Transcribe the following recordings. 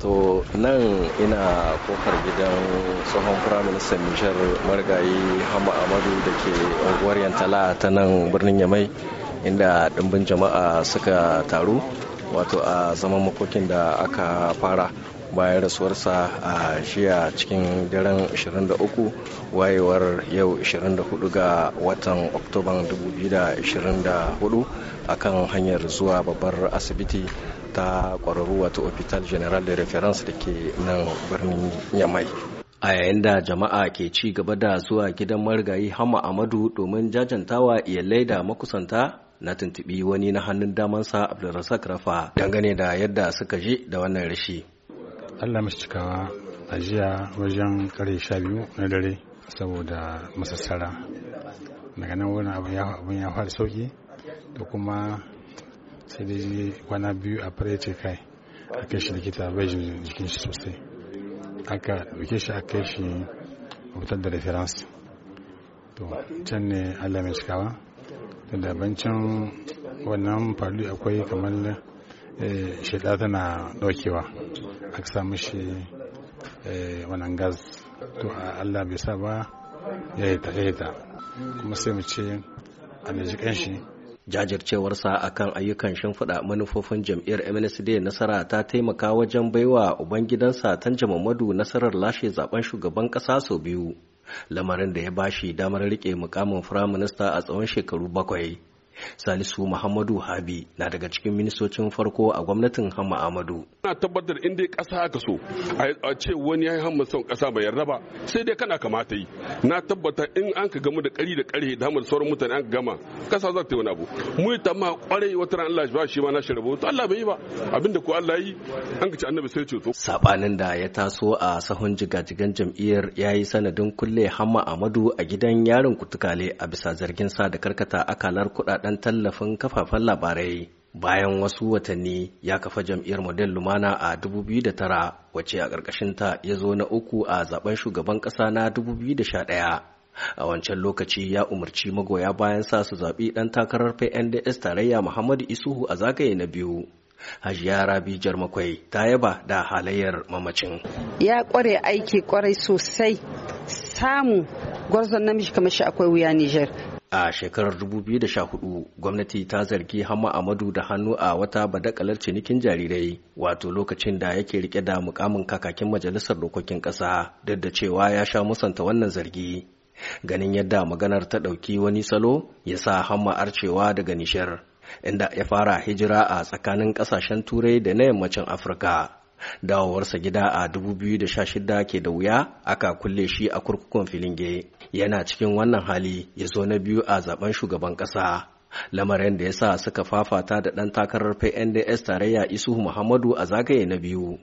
to nan ina kofar gidan tsohon firaministan nishar marigayi hama amadu da ke unguwar yantala ta nan birnin yamai inda ɗimbin jama'a suka taru wato a zaman makokin da aka fara bayan rasuwarsa a shiya cikin daren 23 wayewar yau 24 ga watan oktoban 2024 akan hanyar zuwa babbar asibiti ta kwararru wato hospital general de reference da ke nan birnin yamai a yayin da jama'a ke ci gaba da zuwa gidan marigayi hama amadu domin jajantawa iyalai da makusanta na tuntubi wani na hannun damansa abdulrasak rafa dangane da yadda suka ji da wannan rashi allah mashi cikawa a jiya wajen kare sha biyu na dare saboda masassara daga nan wani abin ya fara sauki da kuma sai dai kwana biyu a fara ce kai a kai shi likita bai jikin shi sosai aka ɗauke shi a kai shi hutar da reference to can ne allah mai cikawa da dabancin wannan falu akwai kamar eh, shida tana daukewa aka samu shi eh, wannan gas to allah bai sa ba ya yi ta kuma sai mu ce a shi jajircewarsa akan ayyukan shimfiɗa manufofin jam'iyyar MNSD nasara ta taimaka wajen baiwa ubangidansa Tanja Mamadu nasarar lashe zaben shugaban ƙasa sau biyu lamarin da ya bashi damar riƙe mukamin firaminista a tsawon shekaru bakwai Salisu Muhammadu Habi na daga cikin ministocin farko a gwamnatin Hamma Amadu. Na tabbatar in dai ƙasa aka so a ce wani ya yi hamma son ƙasa bai yarda ba sai dai kana kamata yi. Na tabbata in an ka gamu da ƙari da ƙarhe da hamar sauran mutane an gama ƙasa za ta yi wani abu. Mu ta ma ƙwarai wata ran Allah ba shi ma na shirabo to Allah bai yi ba abinda ko Allah yi an ka ci annabi sai ceto. Sabanin da ya taso a sahun jigajigan jam'iyyar ya yi sanadin kulle Hamma Amadu a gidan yarin kutukale a bisa zargin sa da karkata akalar kuɗaɗen ɗan tallafin kafafen labarai bayan wasu watanni ya kafa jam'iyyar model lumana a 2009 wacce a ta ya zo na uku a zaben shugaban ƙasa na 2011 a wancan lokaci ya umarci magoya bayan sa su zaɓi ɗan takarar pnds tarayya muhammadu isuhu a zagaye na biyu hajiya rabi jarmakwai ta yaba da halayyar mamacin ya ƙware aiki ƙwarai sosai samu gwarzon namiji kamar shi akwai wuya niger a shekarar 2014 gwamnati ta zargi hama amadu da hannu a wata badakalar cinikin jarirai wato lokacin da yake rike da mukamin kakakin majalisar dokokin ƙasa duk da cewa ya sha musanta wannan zargi ganin yadda maganar ta ɗauki wani salo ya sa hama arcewa daga nishar inda ya fara hijira a tsakanin ƙasashen turai da na yammacin afirka dawowarsa gida a 2016 ke da wuya aka kulle shi a kurkukun filinge yana cikin wannan hali ya zo na biyu a zaben shugaban ƙasa lamarin da ya sa suka fafata da ɗan takarar pnds tarayya isuhu muhammadu a zagaye na biyu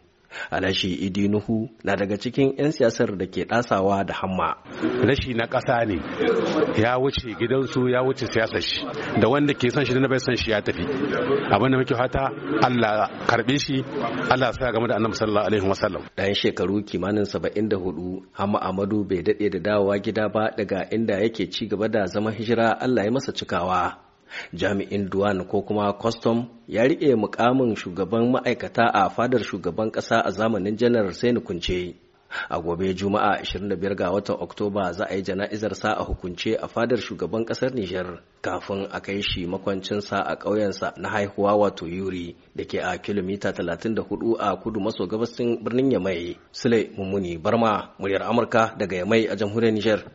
Alashi idinuhu na daga cikin 'yan siyasar da ke ɗasawa da hamma. Rashi na ƙasa ne ya wuce gidansu ya wuce siyasar shi da wanda ke son shi da na bai son shi ya tafi. Abin da muke fata Allah karɓe shi Allah sa game da Annabi sallallahu alaihi wasallam. Dan shekaru kimanin 74 Hamma Amadu bai daɗe da dawowa gida ba daga inda yake ci gaba da zama hijira Allah ya masa cikawa. jami'in duwan ko kuma kwastom ya riƙe mukamin shugaban ma'aikata a fadar shugaban ƙasa a zamanin janar sani kunce a gobe juma'a 25 ga watan oktoba za a yi jana'izar sa a hukunce a fadar shugaban ƙasar nijar kafin a kai shi makwancinsa a ƙauyensa na haihuwa wato yuri da ke a kilomita 34 a kudu maso gabasin birnin yamai sule mummuni barma muryar amurka daga yamai a jamhuriyar nijar